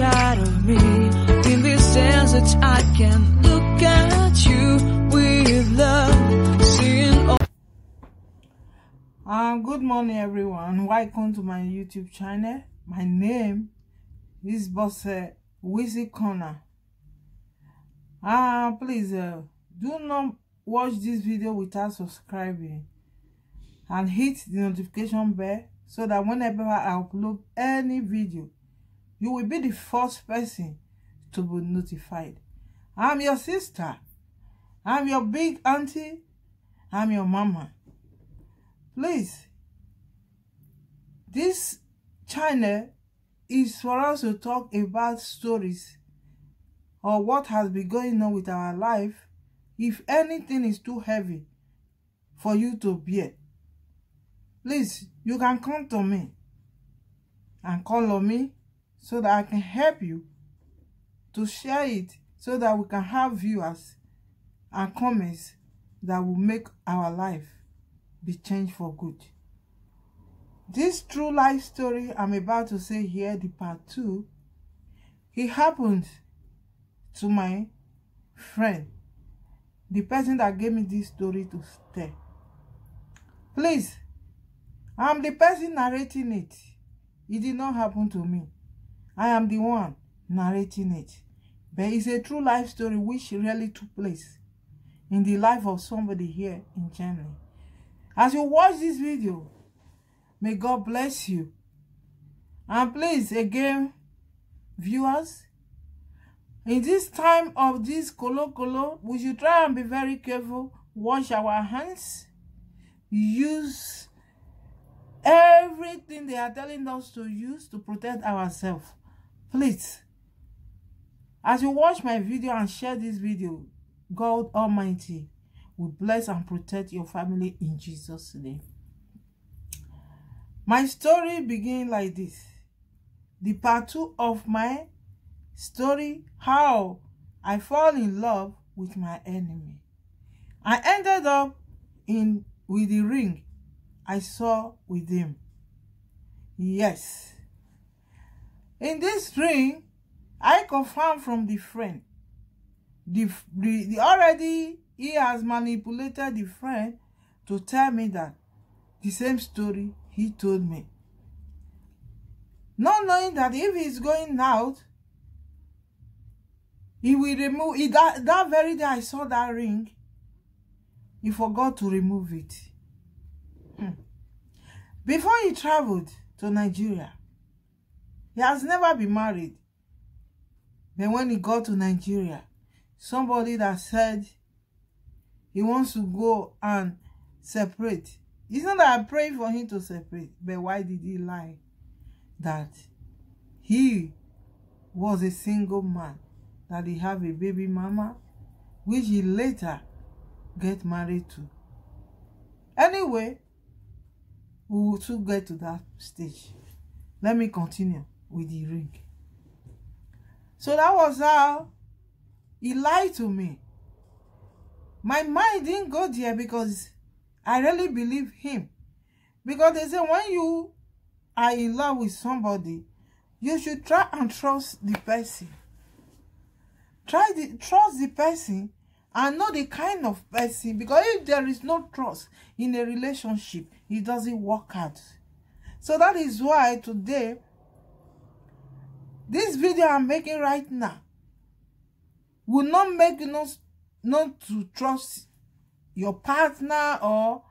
inside of me. In this desert, I can look at you with love, seeing all. Um, good morning, everyone. Welcome to my YouTube channel. My name is Boss uh, Wizzy Connor. Ah, uh, please uh, do not watch this video without subscribing and hit the notification bell so that whenever I upload any video, You will be the first person to be notified. I'm your sister. I'm your big auntie. I'm your mama. Please, this channel is for us to talk about stories or what has been going on with our life if anything is too heavy for you to bear please you can come to me and call on me so that I can help you to share it so that we can have viewers and comments that will make our life be changed for good. This true life story I'm about to say here, the part two, it happened to my friend, the person that gave me this story to stay. Please, I'm the person narrating it. It did not happen to me. I am the one narrating it. But it's a true life story which really took place in the life of somebody here in Germany. As you watch this video, may God bless you. And please, again, viewers, in this time of this kolo kolo, we should try and be very careful. Wash our hands. Use everything they are telling us to use to protect ourselves. Please, as you watch my video and share this video, God Almighty will bless and protect your family in Jesus' name. My story begins like this. The part two of my story, how I fall in love with my enemy. I ended up in with the ring I saw with him. Yes. In this dream, I confirm from the friend. The, the, the already he has manipulated the friend to tell me that the same story he told me. Not knowing that if he's going out, he will remove he, that, that very day I saw that ring. He forgot to remove it. Hmm. Before he traveled to Nigeria, He has never been married. Then when he got to Nigeria, somebody that said he wants to go and separate. It's not that I prayed for him to separate, but why did he lie? That he was a single man, that he have a baby mama, which he later get married to. Anyway, we will soon get to that stage. Let me continue with the ring. So that was how he lied to me. My mind didn't go there because I really believe him. Because they say when you are in love with somebody, you should try and trust the person. Try the trust the person and know the kind of person because if there is no trust in a relationship, it doesn't work out. So that is why today this video i'm making right now will not make you not not to trust your partner or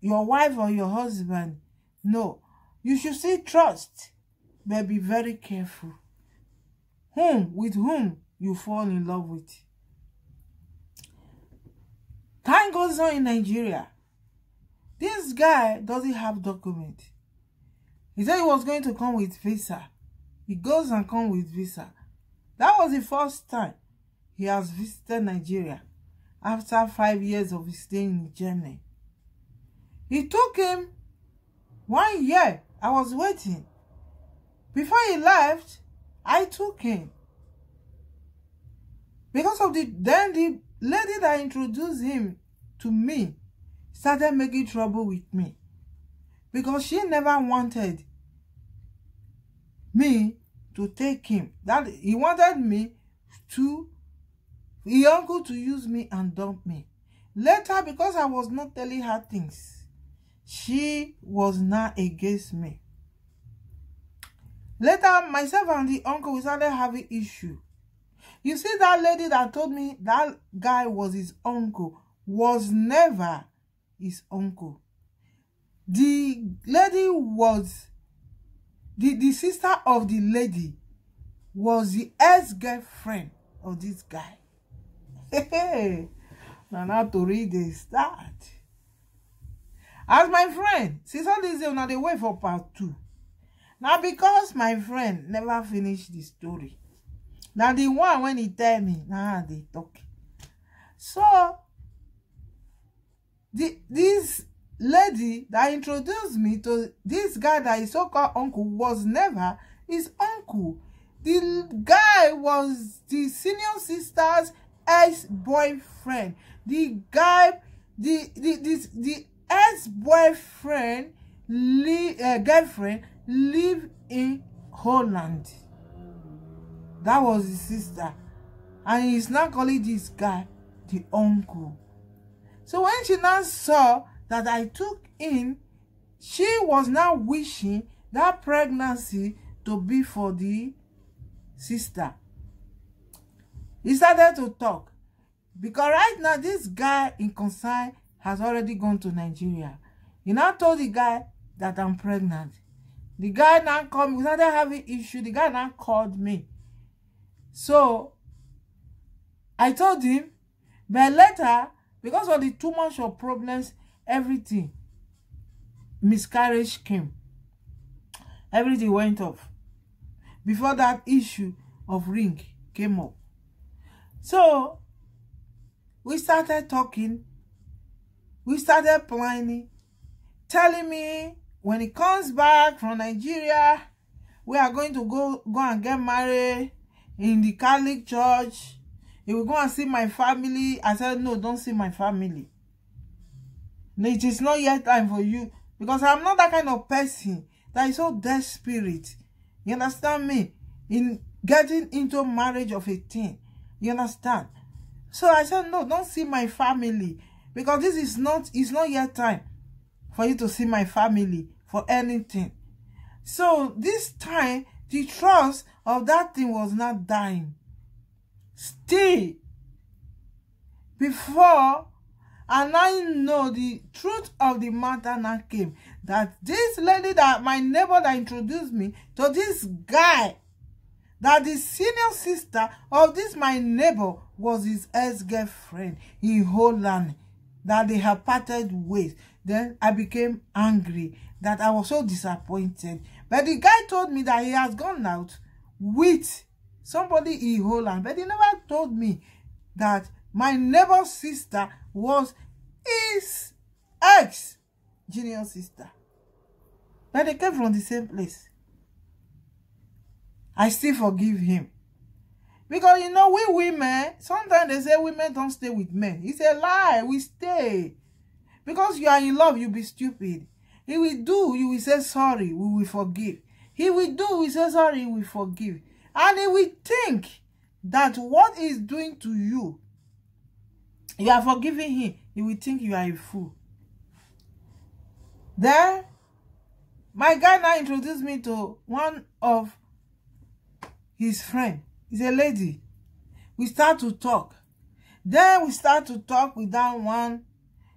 your wife or your husband no you should say trust but be very careful whom with whom you fall in love with time goes on in nigeria this guy doesn't have document he said he was going to come with visa He goes and comes with visa. That was the first time he has visited Nigeria after five years of his stay in Germany. It took him one year. I was waiting. Before he left, I took him. Because of the then the lady that introduced him to me started making trouble with me because she never wanted me to take him. That he wanted me to he uncle to use me and dump me. Later, because I was not telling her things, she was now against me. Later, myself and the uncle we started having issue. You see, that lady that told me that guy was his uncle was never his uncle. The lady was the the sister of the lady was the ex-girlfriend of this guy Now na now tori dey start as my friend since all this day una wait for part two Now because my friend never finished the story Now the one when he tell me now they dey talk so the this lady that introduced me to this guy that is so-called uncle was never his uncle. The guy was the senior sister's ex-boyfriend. The guy, the the this the ex-boyfriend, uh, girlfriend live in Holland. That was his sister, and he's now calling this guy the uncle. So when she now saw that I took in, she was now wishing that pregnancy to be for the sister. He started to talk. Because right now, this guy in concern has already gone to Nigeria. He now told the guy that I'm pregnant. The guy now called me. We started having issue. The guy now called me. So, I told him, but later, because of the too much of problems everything miscarriage came everything went off before that issue of ring came up so we started talking we started planning telling me when he comes back from Nigeria we are going to go go and get married in the Catholic church he will go and see my family I said no don't see my family It is not yet time for you because I'm not that kind of person that is so desperate. You understand me? In getting into marriage of a thing. You understand? So I said, no, don't see my family because this is not, it's not yet time for you to see my family for anything. So this time, the trust of that thing was not dying. Still, before and I know the truth of the matter now came that this lady that my neighbor that introduced me to this guy that the senior sister of this my neighbor was his ex-girlfriend in Holland that they have parted ways then I became angry that I was so disappointed but the guy told me that he has gone out with somebody in Holland but he never told me that my neighbor's sister was his ex junior sister. But they came from the same place. I still forgive him. Because, you know, we women, sometimes they say women don't stay with men. It's a lie. We stay. Because you are in love, you'll be stupid. He will do, you will say sorry, we will forgive. He will do, we say sorry, we forgive. And he will think that what he's doing to you You are forgiving him. He will think you are a fool. Then, my guy now introduced me to one of his friend. He's a lady. We start to talk. Then we start to talk with that one.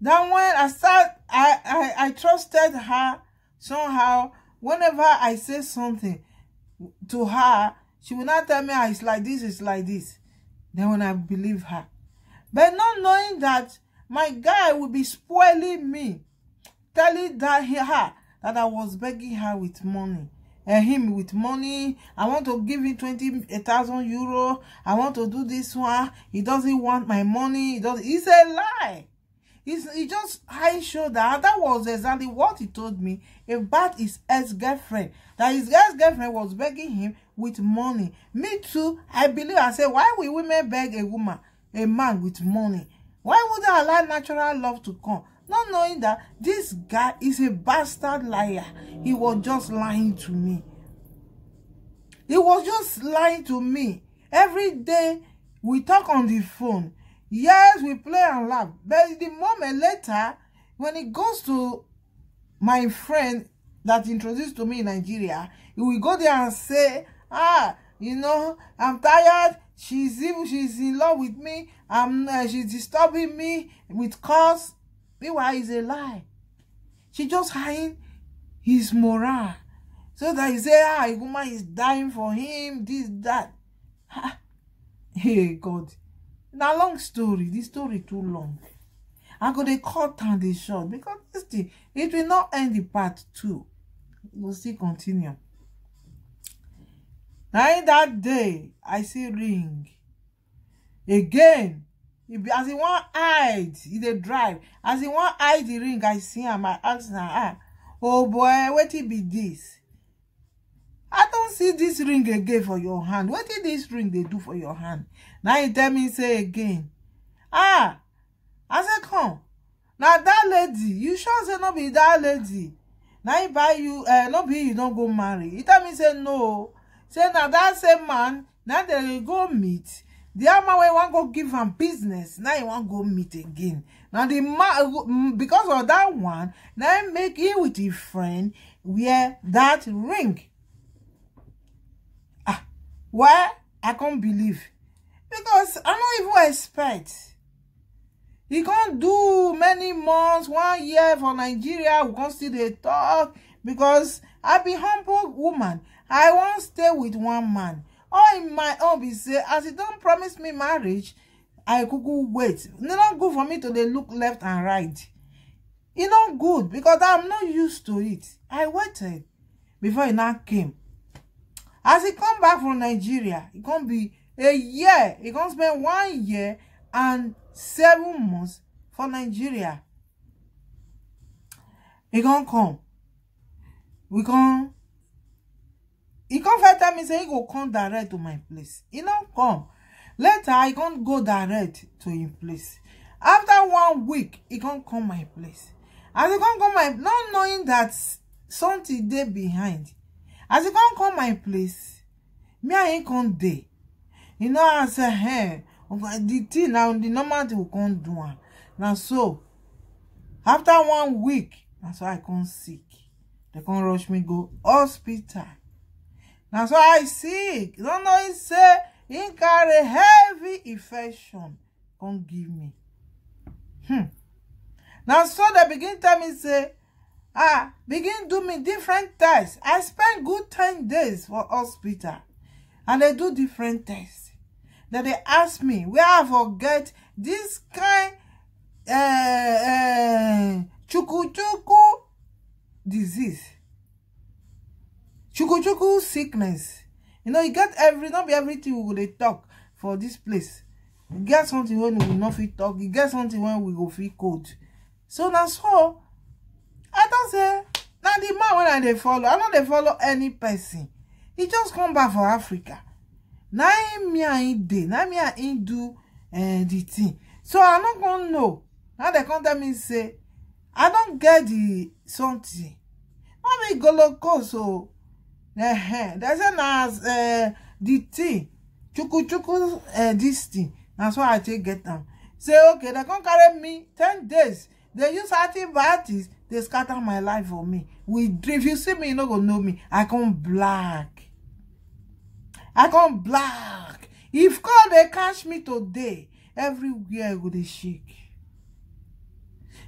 That one, I start, I, I, I trusted her somehow. Whenever I say something to her, she will not tell me, ah, it's like this, it's like this. Then when I believe her, But not knowing that my guy will be spoiling me, telling that he, her that I was begging her with money. and him with money i want to give him 20,000 euro i want to do this one he doesn't want my money he doesn't it's a lie He's he just i showed that that was exactly what he told me about his ex-girlfriend that his ex-girlfriend was begging him with money me too i believe i said why will women beg a woman a man with money why would I allow natural love to come not knowing that this guy is a bastard liar he was just lying to me he was just lying to me every day we talk on the phone yes we play and laugh but the moment later when it goes to my friend that introduced to me in Nigeria he will go there and say ah you know i'm tired she's even she's in love with me i'm uh, she's disturbing me with calls. meanwhile it's a lie she just hiding his morale so that he say ah a woman is dying for him this that hey god na long story this story too long i go dey cut am dey short because this thing it will not end the part two we go still continue. Now in that day i see ring again as e wan hide he they drive as e wan hide the ring i see am i ask now, ah oh boy what it be this? i don't see this ring again for your hand What wetin this ring they do for your hand Now he tell me say again ah i say come Now that lady you sure say not be that lady Now he buy you uh, eh, not be you don't go marry he tell me say no say na that same man now they go meet di man wey wan go give am business now he wan go meet again na the man mm, because of that one na im make him with him friend wear that ring ah why i con believe because i no even expect e con do many months one year for nigeria we con still dey talk because i be humble woman i won't stay with one man all in my own be say as he don't promise me marriage i could go wait e not good for me to they look left and right e not good because i'm not used to it i waited before he now came as he come back from nigeria e come be a year e come spend one year and seven months for nigeria e come come we come He come first tell me say he go come direct to my place He no come later i come go direct to im place after one week he come come my place as he come come my not knowing that something dey behind as he come come my place me and him come dey e no answer hey the thing na the normal thing we come do am na so after one week na so i come sick They come rush me go hospital na so i sick Don't know say he carry heavy infection come give me hmm. na so dem begin tell me say ah begin do me different tests i spend good ten days for hospital and they do different tests Then they ask me where i for get dis kain uh, eh, uh, eh, chukuchuku disease chukuchuku sickness you know you get every not be everything we go dey talk for this place You get something when we not fit talk You get something when we go fit cold. so na so i don't say now the man when i they follow i no they follow any person He just come back for africa Now him me and him dey na me and him do uh, eh, di thing so I'm not gonna know na they come tell me say i don't get the something no be go o. So, -huh. They say na uh, the tea, chuku chuku uh, this thing. That's why I take get them. Say okay, they come carry me ten days. They use antibiotics. They scatter my life for me. We if you see me, you not gonna know me. I come black. I come black. If God they catch me today, everywhere I go they shake.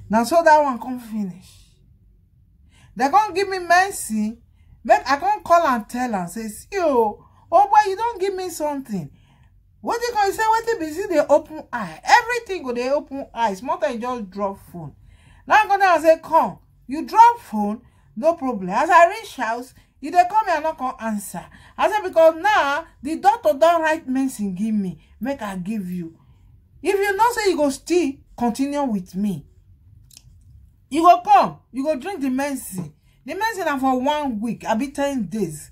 Now so that one come finish. They gonna give me mercy make i come call and tell and say see oh, oh boy you don't give me something What wetin come say What be busy? They open eye everything go they open eyes. More than just drop phone now i come tell am say come you drop phone no problem as i reach house you they come me not no come answer i said because now the doctor don write medicine give me make i give you if you not say you go still continue with me you go come you go drink the medicine the man say na for one week be ten days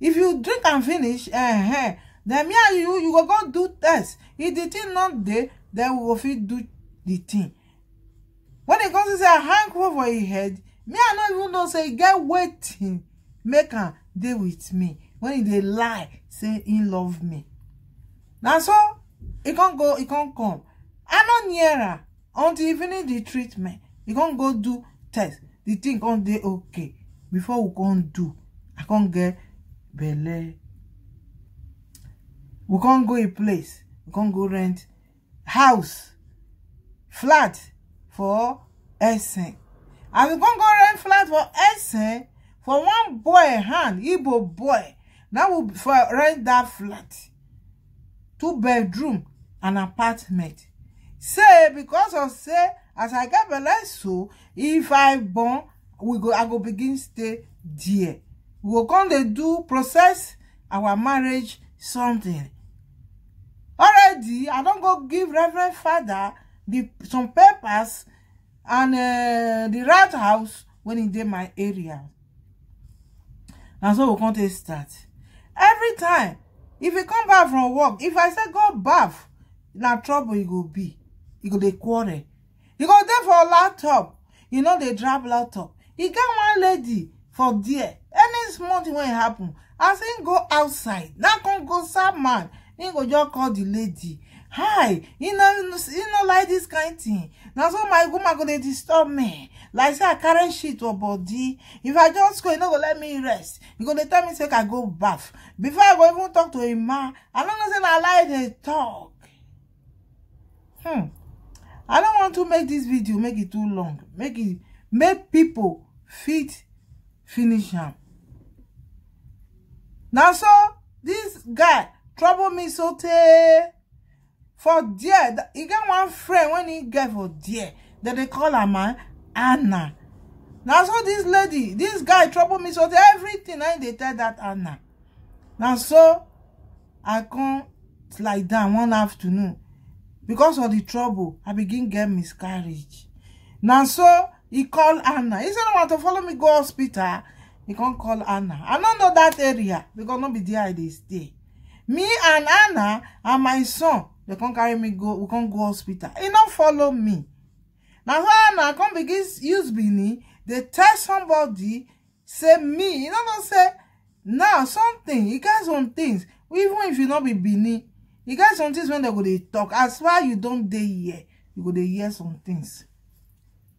if you drink and finish uh eh, -huh, eh, then me and you you will go do test if the thing not there, then we will fit do the thing when e comes see say i hang over your head me i no even know say e get waiting." make a day with me when e dey lie say he love me Now so e can't go e can't come I'm not nearer am until e finish the treatment e can't go do test the thing con dey okay before we can't do i can't get belle we can't go a place we can't go rent house flat for Essen and we con go rent flat for Essen for one boy hand Igbo boy na we for rent that flat two bedroom an apartment say because of say as i get belle so if i born we go i go begin stay there we go come dey do process our marriage something already i don go give reverend father the some papers and uh, the right house when he dey my area na so we come take start every time if you come back from work if i say go baff na trouble e go be e go dey quarrel go there for laptop you know they drop laptop He got one lady for there any small thing wey happen as him go outside Now come go sad man He go just call the lady hi you no you no like this kind of thing Now so my woman gonna disturb me like say i carry shit for body if i just go you no go let me rest you go dey tell me say i go bath before i go even talk to him man. i no know say na like dey talk hmm i don't want to make this video make it too long make it make people fit finish him. Now so this guy trouble me so tey for dear. He e get one friend when he get for dear. dem they call her ah, man anna Now so this lady this guy trouble me so tey everything I they tell that anna Now so i come lie down one afternoon because of the trouble i begin get miscarriage Now so he call anna he said, "I want to follow me go hospital he can't call anna i don't know that area because not be there i dey stay me and anna and my son dey can't carry me go we can't go hospital he no follow me Now so anna come begin use benin They tell somebody say me you no know say now something He get some things even if you not be benin e get some things when they go dey talk as far you don't dey here you go dey hear some things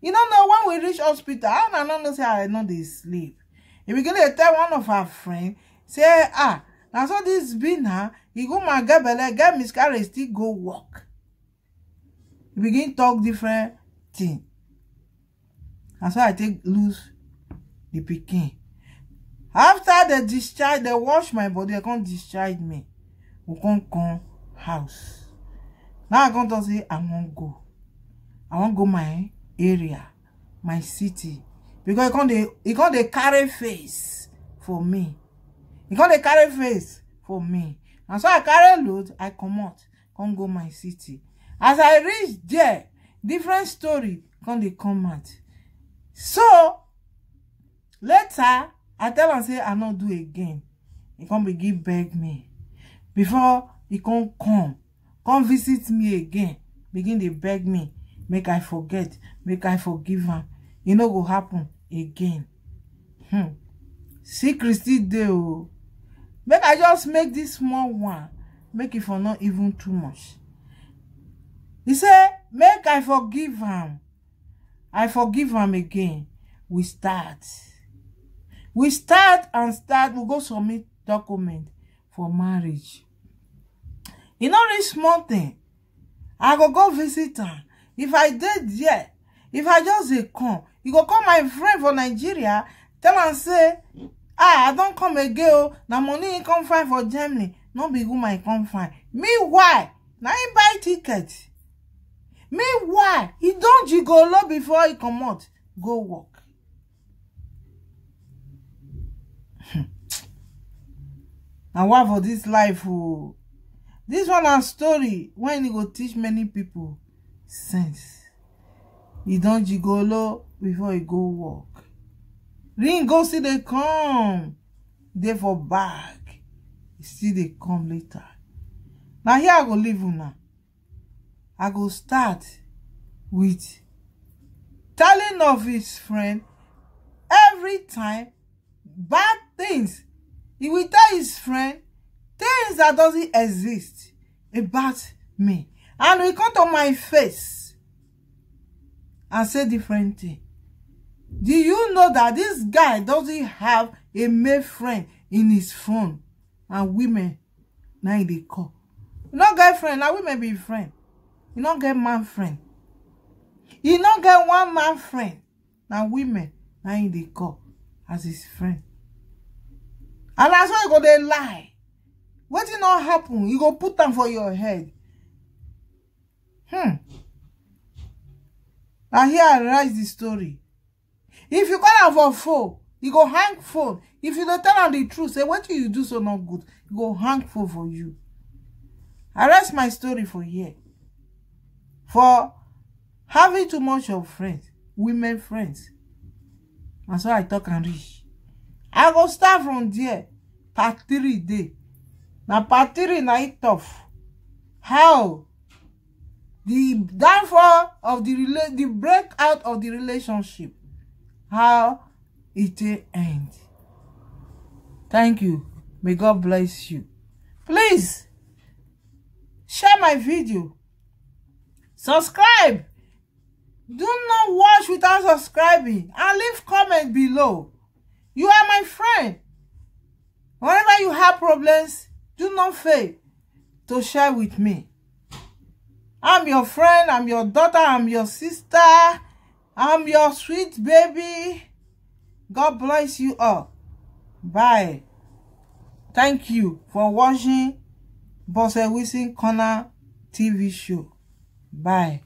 you no know when we reach hospital I don't no know say i no dey sleep e begin dey tell one of our friend say ah na so this be na He go my get belle get miscarriage still go work e begin talk different thing That's why i take lose the pikin after dem discharge they wash my body They can't discharge me we can't, come house. Now I come to say I won't go. I won't go my area, my city. Because e come dey carry face for me. He come dey carry face for me. And so I carry load, I come out. Can't go my city. As I reach there, different story Can't they come out. So later, I tell and say I not do again. E come begin beg me. Before He come come come visit me again begin dey beg me make i forget make i forgive him. It e no go happen again hmm. secret still dey o oh. make i just make this small one make it for not even too much He say make i forgive him. i forgive him again we start we start and start we go submit document for marriage e no this small thing i go go visit her. if i dey there if i just dey come you e go call my friend for nigeria tell am say ah i don't come again o oh. na money e come find for germany no be woman e come find why? Now im buy ticket Me why? He don't you go jigolo before he come out. go walk. Hmm. Now what for this life ooo oh? This one a story when e go teach many people sense. E don't jigolo before e go work. Ring go see they come, They for back. e still dey come later. Now here I go leave una. I go start with telling of his friend every time bad things. He will tell his friend things that doesn't exist about me and will come to my face and say different thing do you know that this guy doesn't have a male friend in his phone and women now him dey call you no get friend na women be friend you no get man friend you not get one man friend now women now him dey call as his friend and na so he go they lie What did not happen you go put them for your head hmm na here i write the story if you call am for phone you go hang phone if you don't tell am the truth say what do you do so not good you go hang phone for you i rest my story for here for having too much of friends women friends na so i talk and reach i go start from there part three day na part three na it tough how the downfall of the rela the breakout of the relationship how it will end thank you may god bless you please share my video subscribe do not watch without subscribing and leave comment below you are my friend whenever you have problems Do not fail to share with me. I'm your friend, I'm your daughter, I'm your sister, I'm your sweet baby. God bless you all. Bye. Thank you for watching Bose Wilson Corner TV show. Bye.